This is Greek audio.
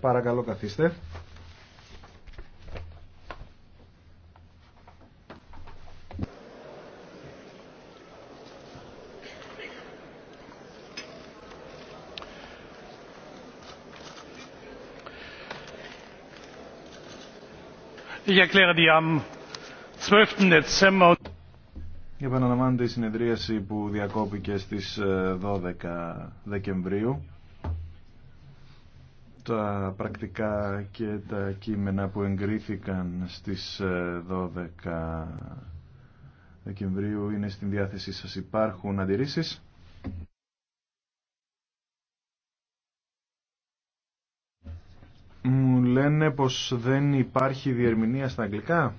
Παρακαλώ καθίστε. Επαναλαμβάνεται η συνεδρίαση που διακόπηκε στις 12 ε, Δεκεμβρίου τα πρακτικά και τα κείμενα που εγκρίθηκαν στις 12 ε, Δεκεμβρίου είναι στην διάθεσή σας. Υπάρχουν αντιρρήσεις. Μου λένε πως δεν υπάρχει διερμηνία στα αγγλικά.